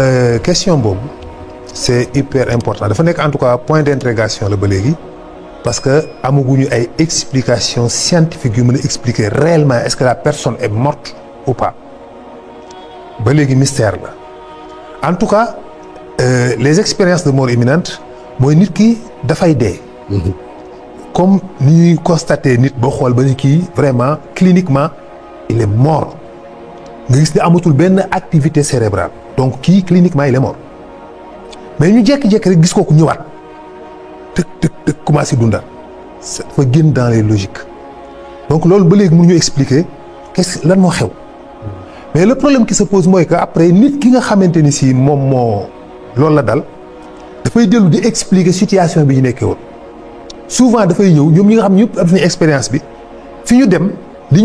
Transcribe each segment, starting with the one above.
Euh, question Bob, c'est hyper important dafa nek en tout cas point d'interrogation le ba parce que explication scientifique qui explique expliquer réellement est-ce que la personne est morte ou pas C'est un mystère en tout cas euh, les expériences de mort imminente moy nit ki comme ni constaté constater nit vraiment cliniquement il est mort Il gis ni amatul activité cérébrale donc qui, cliniquement il est mort mais ñu jek jek rek gis ko ñëwaat tek tek tek commencé fa guen dans les logiques donc on ba que ñu expliquer qu'est-ce lan mo xew mais le problème qui se pose moy que après nit ki nga xamanteni si mom mo la situation souvent fay ñëw ñom nga xam expérience bi fi dem li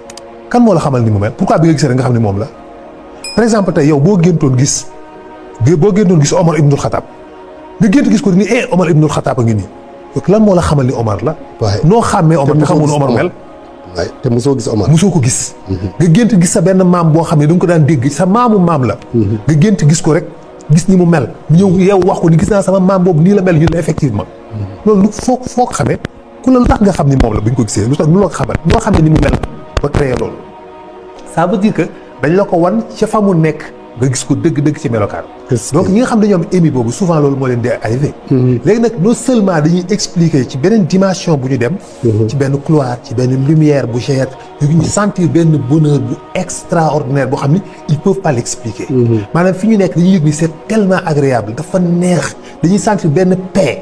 kan mo la xamal ni mo mel pourquoi bi nga gisee rek nga xamni mom la par exemple tay yow bo gentone gis bo gentone gis Omar Ibnul Khattab nga gént gis ko ni eh Omar Ibnul Khattab nga ni donc lan mo la xamal ni Omar la. No xamé Omar te xamoon Omar mel. way te muso gis Omar. muso ko gis. Mm-hmm. nga gént gis sa mambo mam bo xamni ne ko dan deg sa mamu mam la. Mm-hmm. nga gis ko rek gis ni mu mel. ñew yow wax ko ni gis na sama mam bob ni la mel ñu effectivement. Mm-hmm. loolu foo fok xamé xamee ku la lu tax nga xamni ni la buñ ko gisé lu tax lu lo xamal xamni ni mu mel. ba créer loolu ça veut dire que dañ la ko wan ca fa mu nekk nga gis ko dëgg-dëgg ci melokaan donc ñi nga xam dañoo am émi boobu souvent loolu moo leen di arrivé mhm. léegi nag non seulement dañuy expliquer ci beneen dimension bu ñu dem mhm. ci benn couloir ci benn lumière bu géant yu ñu sentir benn bonheur bu extraordinaire boo xam ni ils peuvent pas l'expliquer mhm. maanaam fi ñu nekk dañuy yëg ni c'est tellement agréable dafa neex dañuy sentir benn paix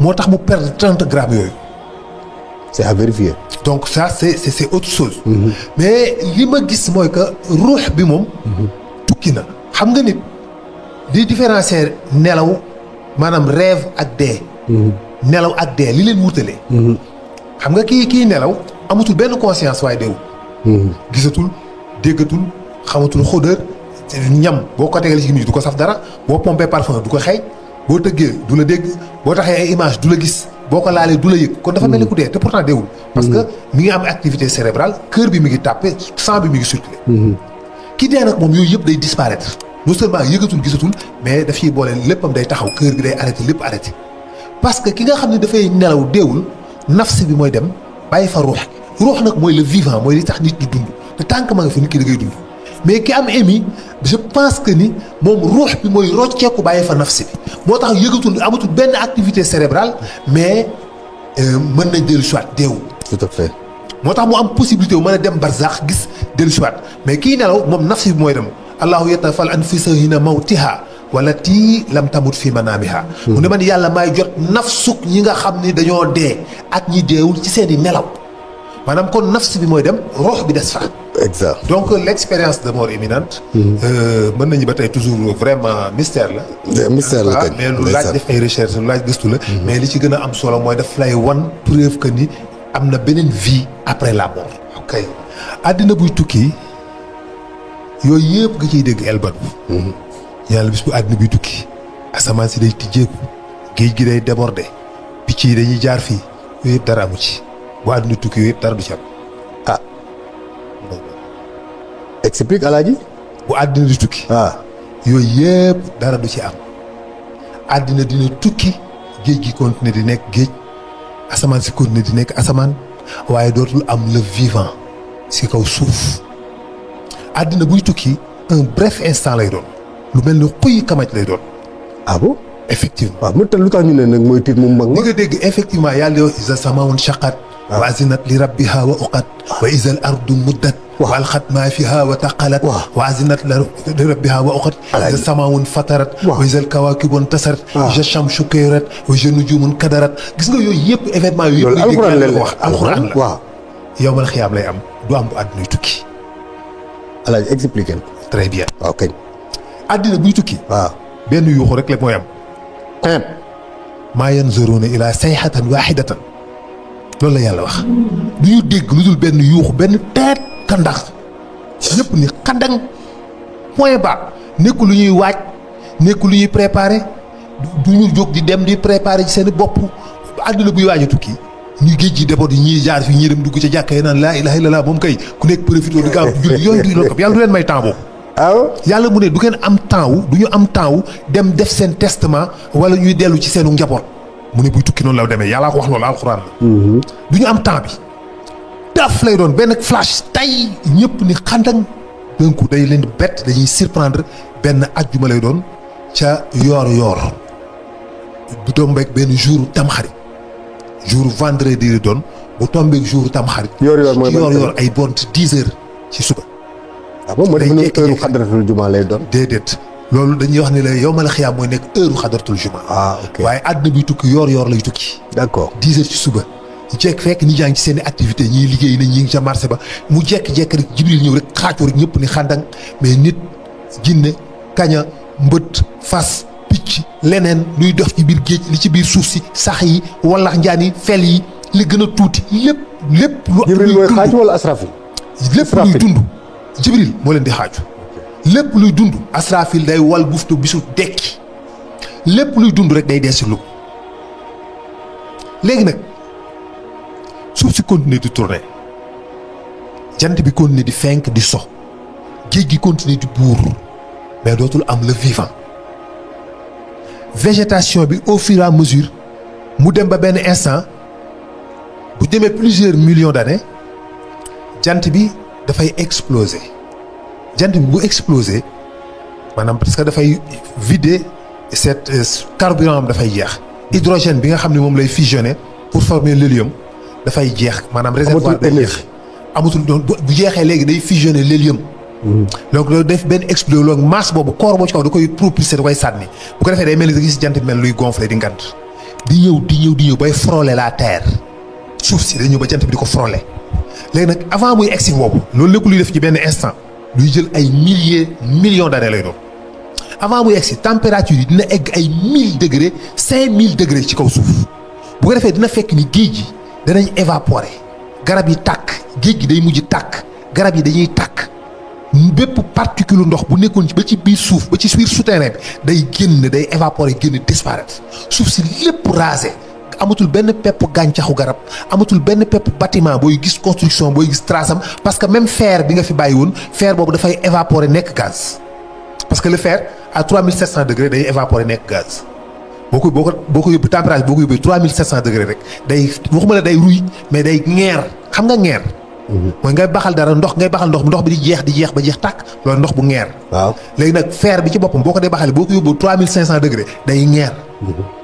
motax tax mu perdre 30 grammes C'est à vérifier. donc ça c'est c'est autre chose. Mhm. mais li ma gis c'est que bi mom mhm. tukki xam nga nit di différencier nelaw rêves rêve ak dee. Mhm. nelaw ak dé li xam nga ki ki nelaw amatul conscience ñam ko du saf dara parfum boo tëggee du la dégg boo taxee ay image du la gis boo ko laalee du la yëg dafa mel pourtant parce que mi ngi am activité cérébrale cœur bi mi ngi tàppe sang bi mi ngi circulé ki dee nag moom yooyu day disparaître seulement gisatul mais daf ciy boole léppam day taxaw cœur bi day arrêté lépp arrêté parce que ki nga xam ne dafay nelaw deewul nafs bi mooy dem fa le vivant mooy li tax nit mais ki am émi je pense que ni mom roh bi moy mooy ko baye fa nafsi bi motax tax yëgatul amatul benn activité cérébrale mais euh mën na dellu soit deewu tout à fait moo tax am possibilité bu mën dem barzax gis dellu soit mais ki nelaw mom nafsi bi mooy dem allahu yatawafal anfusa hina mawtiha wala tii lam tamut fi manamiha mu ne man yalla may jot nafsuk ñi nga xamni ni dañoo dee ak ñi déwul ci seen nelaw manam kon nafsi bi moy dem roh bi dess fa exact donc l'expérience de mort imminente. Mhm. Euh, mën nañu ba toujours vraiment mystère la. mystère la mais lu laaj def ay recherche lu laaj gëstu la. Mhm. mais li ci gën a am solo mooy daf lay wan preuve que ni am na vie après la mort. ok àddina buy tukki yooyu yëpp nga ciy dégg elbat mhm. yàlla bis bu àddina buy tukki asamaan si day tijjeeku géej gi day déborder picc yi dañuy jaar fii yooyu yëpp dara amu ci bu àddina tukki yooyu yëpp du ci explique alaaji bu àddina di tukki. waaw ah. yooyu yëpp dara du ci am. àddina dina tukki géej gi continuer di nekk géej asamaan si continuer di nekk asamaan waaye dootul am le vivant si kaw suuf àddina buy tukki un bref instant lay doon lu mel ni xuy kamaj lay doon. ah bon effectivement. waaw ah, lu tax ñu ne nag mooy tiit mu mag. ni nga dégg effectivement yàlla yow isa sama woon shaqaat آه. وعزنت لربها وأقت آه. وإذا الأرض مدت وألقت ما فيها وتقلت وعزنت لربها وأقت إذا السماء انفطرت وإذا الكواكب انتصرت آه. إذا الشمس كيرت وإذا النجوم انكدرت جس نو يب إفت ما يب القرآن القرآن يوم الخيام لا يام دوام بعد نيتوكي على إكسبليكين très bien ok adina buy tukki waaw benn yuuxu rek lek mooy am ma yan zuruna ila sayhatan wahidatan loolu la yàlla wax du ñu dégg lu dul benn yuux benn teet kandax ñëpp ni xaddang point ba nekkul lu ñuy waaj nekkul lu ñuy préparé du ñu jóg di dem di préparé ci seen bopp àdduna buy waaj a tukki ñu géej gi d'abord ñii jaar fi ñii dugg ca jàkka yi naan laa ilaha illallah moom kay ku nekk profité di gaaw julli yooyu du loolu yàlla du leen may temps boobu. yàlla mu ne du ngeen am temps wu du ñu am temps dem def seen testament wala ñuy dellu ci seenu njaboot. mu ne buy tukki noonu la demee yàllaa ko wax loolu alxuraan la. Mhm. du ñu am temps bi. daaf lay doon benn flash tay ñëpp ni xandang dënku day leen bett dañuy surprendre benn at juma lay doon ca yoor-yoor. bu tombeeg benn jour tamxarit jour vendredi lay doon bu tombeeg jour tamxarit. yoor-yoor mooy yoor-yoor ay bont dix heures ci suba. ah bon mooy def juma lay doon. loolu dañuy wax ne la yow ma la xiyaam mooy nekk heure xadaratul juma. ah ok waaye àdduna bi tukki yoor yoor lay tukki. d'accord dix heures ci suba. jekk fekk ni ñaa ngi ci seen i activité ñii liggéey nañ ñi ngi ca marché ba mu jekk-jekk rek jibril ñëw rek xaacoo rek ñëpp ni xàndang mais nit jinne kaña mbët fas picc leneen luy dox ci biir géej li ci biir suuf si sax yi wallax njaan yi fel yi li gën a tuuti lépp lépp lu jibril wala asraf yi lépp luy dund jibril moo leen di xaaju lépp luy dund asrafil day wal buftu bisu dekki lépp luy dund rek day dee si lu léegi nag suuf si continuer di tourner jant bi continuer di fenk di so géej gi continuer di mais dotul am le vivant végétation bi au fil et à mesure mu dem ba ben instant bu demee plusieurs millions d'années jant bi fay exploser jant bi bu explosé maanaam parce que dafay vider cette euh, carburant am dafay jeex. hydrogène bi nga xam ne moom lay fusionné pour former l'hélium dafay jeex maanaam réservoir day jeex amatul doon bu jeexee léegi day fusionné l'hélium hmm. donc loolu def benn explosion masse boobu corps boo ci kaw da koy propulsé da koy sànni bu ko defee day mel ni da gis jant bi mel luy gonflé di ngant di ñëw di ñëw di ñëw bay frôler la terre suuf si dañu ñëw ba jant bi di ko frôler léegi nag avant muy egsi boobu loolu lépp luy def ci benn instant We jël ay milliers millions d'années lay avant 5000 degrés. température yi dina egg ay mille degrés 5000 mille degrés ci kaw suuf bu ko defee dina fekk ni géej gi danañ évaporer garab yi tàkk géej day mujj tàkk garab yi dañuy tàkk bépp particule ndox bu nekkoon ba ci biir suuf ba ci souterrain nag amatul benn pepp gàncaxu garab amatul ben pep bâtiment boy gis construction boy gis trace parce que même fer bi nga fi bàyyi fer fer da fay évaporer nek gaz parce que le fer à 3700 degrés day évaporer nek gaz beaucoup boko boo ko température boko ko 3700 degrés rek day waxuma la day ruy mais day ŋeer xam nga ŋeer. moy mhm. ngay baxal dara ndox ngay baxal ndox ndox bi di jeex di jeex ba jeex tak, loolu ndox bu ŋeer. waaw léegi nak fer bi ci boppam boko day baxal boko boo 3500 degrés day ŋeer. Mhm.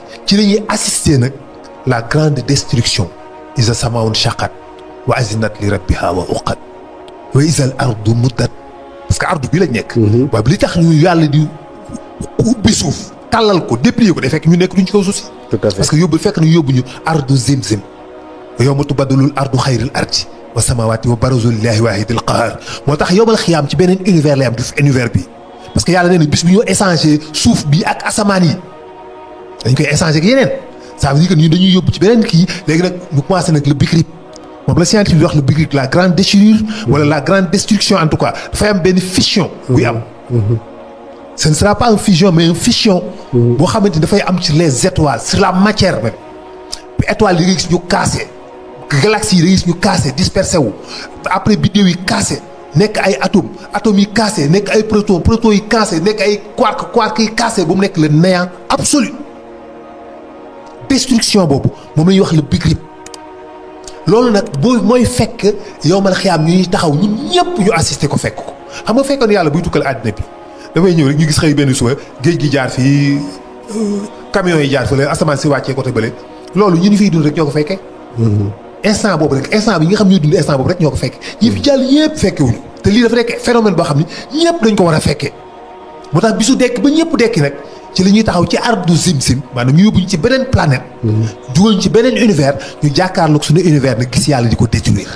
ci la ñuy assister nak la grande destruction iza samaun shaqat wa azinat li rabbiha wa uqad wa iza al ard muddat parce que ard bi la nek wa bi li tax ñu yàlla di ubbi suuf talal ko déplier ko day ñu nek duñ ko souci parce que yobul fek ñu yobu ñu ardu zimzim yowma tubaddalul ardu xayril ard wa samawati wa barazu lillahi wahid al qahar motax yobul khiyam ci benen univers lay am du fi univers bi parce que yàlla nee bis bu ñu échangé souf bi ak asaman yi dañ koy échanger ak yeneen ça veut dire que ñun dañuy yóbbu ci beneen kii léegi nag mu commencé nag le bicrip moom la scientifique bi wax le bicrip la grande déchirure. wala la grande destruction en tout cas dafay am benn fission. buy am. ce ne sera pas un fusion mais un fission. boo xamante ni dafay am ci les étoiles sur la matière même. étoiles yi nga gis ñu cassé galaxies yi nga gis ñu cassé dispersé wu après biddew yi cassé nekk ay atomes atomes, yi cassé nekk ay proton proton yi cassé nekk ay quark quark yi cassé ba mu le néant absolu. destruction boobu moom la ñuy wax le big rip loolu nag boo mooy fekk yow mal xiyaam ñuy taxaw ñun ñëpp ñu assister ko fekk ko xam nga fekkoon yàlla buy tukkal àddina bi dafay ñëw rek ñu gis xëy benn suba géej gi jaar fii euh, camions yi jaar fële asamaan si wàccee côté bële loolu ñu ñu fiy dund rek ñoo ko fekkee. Mm-hmm. instant boobu rek instant bi nga xam ñoo dund instant boobu rek ñoo ko fekkee. ñi fi jàll yëpp fekkewuñu te lii dafa nekk phénomène boo xam ni ñëpp dañ ko war a fekkee moo tax su dekk ba ñëpp dekki nag ci li ñuy taxaw ci ardu Zimzim maanaam ñu yóbbuñu ci beneen planète. Mm-hmm. dugal ñu ci beneen univers ñu jàkkaarloog suñu univers nag gis yàlla di ko détruire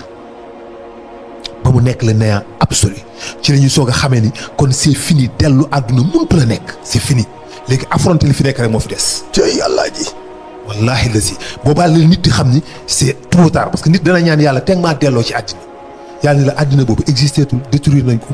ba mu nekk le néant absolu ci la ñuy soog a xamee ni kon c'est fini dellu àdduna mëntu la nekk c'est fini léegi affronté li fi nekk rek moo fi des. ci yàlla ji. wallahi la si boobaa la nit di xam ni c'est trop tard parce que nit dana ñaan yàlla teg maa delloo ci àddina yàlla ni la àddina boobu existé tul détruire nañ ko.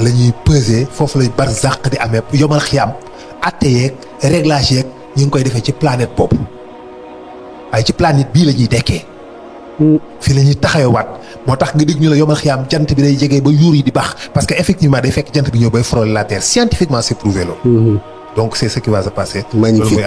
lañuy peser fofu lay barzaq di amee yomal xiyam atte yeeg réglage yeeg ñu koy defee ci planète pop ay ci planète bi lañuy déké fi lañuy la ñuy taxawaat nga dig ñu la yomal xiyaam jant bi lay jege ba yuur yi di bax parce que effectivement day fekk jant bi ñëw bay frôler la terre scientifiquement c'est prouvé lo mm-hmm. donc c'est ce qui va se passer. magnifique